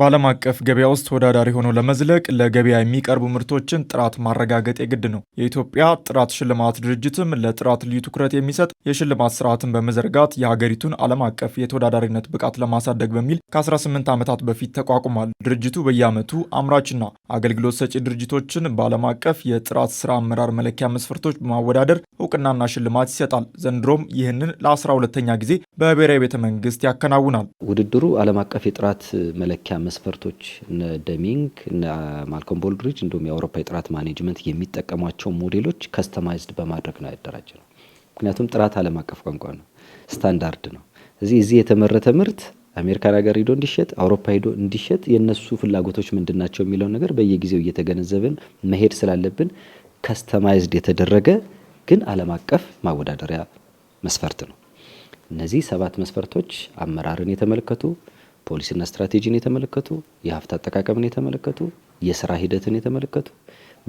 በዓለም አቀፍ ገበያ ውስጥ ተወዳዳሪ ሆኖ ለመዝለቅ ለገበያ የሚቀርቡ ምርቶችን ጥራት ማረጋገጥ የግድ ነው። የኢትዮጵያ ጥራት ሽልማት ድርጅትም ለጥራት ልዩ ትኩረት የሚሰጥ የሽልማት ስርዓትን በመዘርጋት የሀገሪቱን ዓለም አቀፍ የተወዳዳሪነት ብቃት ለማሳደግ በሚል ከ18 ዓመታት በፊት ተቋቁሟል። ድርጅቱ በየዓመቱ አምራችና አገልግሎት ሰጪ ድርጅቶችን በዓለም አቀፍ የጥራት ስራ አመራር መለኪያ መስፈርቶች በማወዳደር እውቅናና ሽልማት ይሰጣል። ዘንድሮም ይህንን ለ12ተኛ ጊዜ በብሔራዊ ቤተ መንግስት ያከናውናል። ውድድሩ ዓለም አቀፍ የጥራት መለኪያ መስፈርቶች እነ ደሚንግ እነ ማልኮም ቦልድሪጅ እንዲሁም የአውሮፓ የጥራት ማኔጅመንት የሚጠቀሟቸው ሞዴሎች ከስተማይዝድ በማድረግ ነው ያደራጀ ነው። ምክንያቱም ጥራት ዓለም አቀፍ ቋንቋ ነው፣ ስታንዳርድ ነው። እዚህ እዚህ የተመረተ ምርት አሜሪካን ሀገር ሂዶ እንዲሸጥ አውሮፓ ሂዶ እንዲሸጥ የእነሱ ፍላጎቶች ምንድን ናቸው የሚለውን ነገር በየጊዜው እየተገነዘብን መሄድ ስላለብን ከስተማይዝድ የተደረገ ግን ዓለም አቀፍ ማወዳደሪያ መስፈርት ነው። እነዚህ ሰባት መስፈርቶች አመራርን የተመለከቱ ፖሊሲና ስትራቴጂን የተመለከቱ የሀብት አጠቃቀምን የተመለከቱ የስራ ሂደትን የተመለከቱ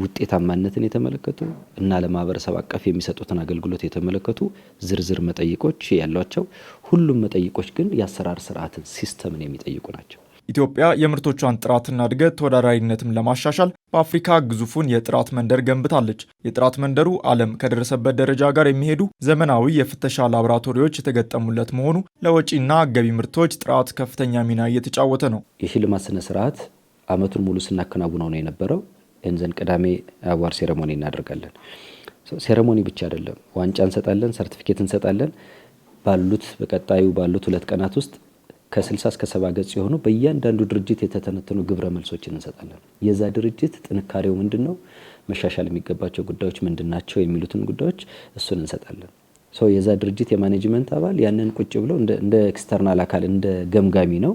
ውጤታማነትን የተመለከቱ እና ለማህበረሰብ አቀፍ የሚሰጡትን አገልግሎት የተመለከቱ ዝርዝር መጠይቆች ያሏቸው ሁሉም መጠይቆች ግን የአሰራር ስርዓትን ሲስተምን የሚጠይቁ ናቸው። ኢትዮጵያ የምርቶቿን ጥራትና እድገት ተወዳዳሪነትም ለማሻሻል በአፍሪካ ግዙፉን የጥራት መንደር ገንብታለች። የጥራት መንደሩ ዓለም ከደረሰበት ደረጃ ጋር የሚሄዱ ዘመናዊ የፍተሻ ላቦራቶሪዎች የተገጠሙለት መሆኑ ለወጪና ገቢ ምርቶች ጥራት ከፍተኛ ሚና እየተጫወተ ነው። የሽልማት ስነ ስርዓት አመቱን ሙሉ ስናከናውነው ነው የነበረው። እንዘን ቅዳሜ አዋር ሴሬሞኒ እናደርጋለን። ሴረሞኒ ብቻ አይደለም፣ ዋንጫ እንሰጣለን፣ ሰርቲፊኬት እንሰጣለን። ባሉት በቀጣዩ ባሉት ሁለት ቀናት ውስጥ ከ60 እስከ 70 ገጽ የሆኑ በእያንዳንዱ ድርጅት የተተነተኑ ግብረ መልሶችን እንሰጣለን። የዛ ድርጅት ጥንካሬው ምንድን ነው፣ መሻሻል የሚገባቸው ጉዳዮች ምንድን ናቸው የሚሉትን ጉዳዮች እሱን እንሰጣለን። ሰው የዛ ድርጅት የማኔጅመንት አባል ያንን ቁጭ ብሎ እንደ ኤክስተርናል አካል እንደ ገምጋሚ ነው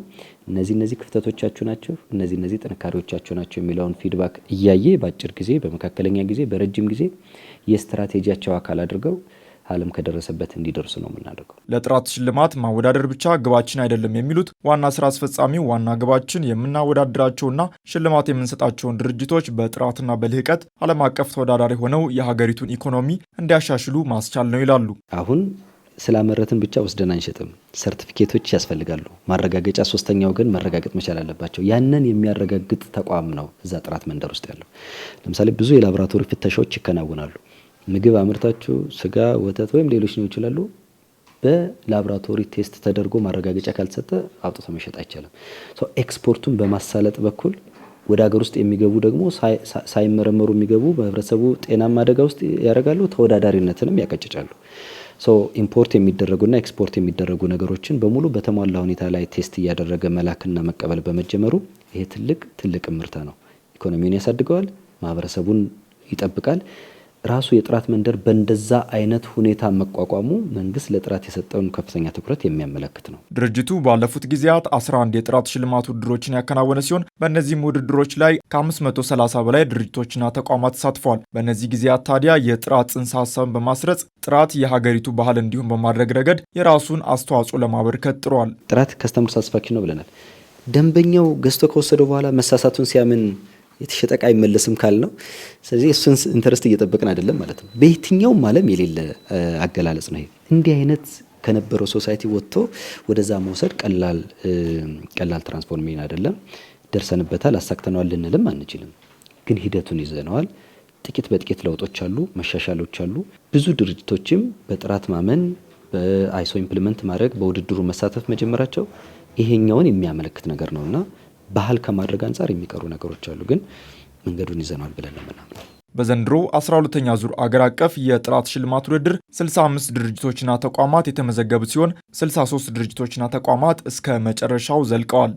እነዚህ እነዚህ ክፍተቶቻችሁ ናቸው፣ እነዚህ እነዚህ ጥንካሬዎቻችሁ ናቸው የሚለውን ፊድባክ እያየ በአጭር ጊዜ፣ በመካከለኛ ጊዜ፣ በረጅም ጊዜ የስትራቴጂያቸው አካል አድርገው ዓለም ከደረሰበት እንዲደርሱ ነው የምናደርገው። ለጥራት ሽልማት ማወዳደር ብቻ ግባችን አይደለም የሚሉት ዋና ስራ አስፈጻሚው ዋና ግባችን የምናወዳድራቸውና ሽልማት የምንሰጣቸውን ድርጅቶች በጥራትና በልህቀት ዓለም አቀፍ ተወዳዳሪ ሆነው የሀገሪቱን ኢኮኖሚ እንዲያሻሽሉ ማስቻል ነው ይላሉ። አሁን ስላመረትን ብቻ ወስደን አንሸጥም። ሰርቲፊኬቶች ያስፈልጋሉ። ማረጋገጫ ሶስተኛ ወገን መረጋገጥ መቻል አለባቸው። ያንን የሚያረጋግጥ ተቋም ነው እዛ ጥራት መንደር ውስጥ ያለው። ለምሳሌ ብዙ የላቦራቶሪ ፍተሻዎች ይከናወናሉ። ምግብ አምርታችሁ ስጋ፣ ወተት ወይም ሌሎች ነው ይችላሉ። በላብራቶሪ ቴስት ተደርጎ ማረጋገጫ ካልተሰጠ አውጥቶ መሸጥ አይቻልም። ኤክስፖርቱን በማሳለጥ በኩል ወደ ሀገር ውስጥ የሚገቡ ደግሞ ሳይመረመሩ የሚገቡ በህብረተሰቡ ጤናማ አደጋ ውስጥ ያደርጋሉ፣ ተወዳዳሪነትንም ያቀጭጫሉ። ኢምፖርት የሚደረጉና ኤክስፖርት የሚደረጉ ነገሮችን በሙሉ በተሟላ ሁኔታ ላይ ቴስት እያደረገ መላክና መቀበል በመጀመሩ ይሄ ትልቅ ትልቅ ምርታ ነው። ኢኮኖሚውን ያሳድገዋል፣ ማህበረሰቡን ይጠብቃል። ራሱ የጥራት መንደር በእንደዛ አይነት ሁኔታ መቋቋሙ መንግስት ለጥራት የሰጠውን ከፍተኛ ትኩረት የሚያመለክት ነው። ድርጅቱ ባለፉት ጊዜያት 11 የጥራት ሽልማት ውድድሮችን ያከናወነ ሲሆን በእነዚህም ውድድሮች ላይ ከ530 በላይ ድርጅቶችና ተቋማት ተሳትፈዋል። በእነዚህ ጊዜያት ታዲያ የጥራት ጽንሰ ሀሳብን በማስረጽ ጥራት የሀገሪቱ ባህል እንዲሁም በማድረግ ረገድ የራሱን አስተዋጽኦ ለማበርከት ጥሯል። ጥራት ከስተምር ሳስፋኪ ነው ብለናል። ደንበኛው ገዝቶ ከወሰደው በኋላ መሳሳቱን ሲያምን የተሸጠ እቃ አይመለስም ካል ነው። ስለዚህ እሱን ኢንተረስት እየጠበቅን አይደለም ማለት ነው። በየትኛውም ዓለም የሌለ አገላለጽ ነው እንዲህ አይነት ከነበረው ሶሳይቲ ወጥቶ ወደዛ መውሰድ ቀላል ቀላል ትራንስፎርሜሽን አይደለም። ደርሰንበታል፣ አሳክተነዋል ልንልም አንችልም። ግን ሂደቱን ይዘነዋል። ጥቂት በጥቂት ለውጦች አሉ፣ መሻሻሎች አሉ። ብዙ ድርጅቶችም በጥራት ማመን፣ በአይሶ ኢምፕሊመንት ማድረግ፣ በውድድሩ መሳተፍ መጀመራቸው ይሄኛውን የሚያመለክት ነገር ነውና ባህል ከማድረግ አንጻር የሚቀሩ ነገሮች አሉ፣ ግን መንገዱን ይዘናል ብለን ነው በዘንድሮ 12 ተኛ ዙር አገር አቀፍ የጥራት ሽልማት ውድድር 65 ድርጅቶችና ተቋማት የተመዘገቡ ሲሆን 63 ድርጅቶችና ተቋማት እስከ መጨረሻው ዘልቀዋል።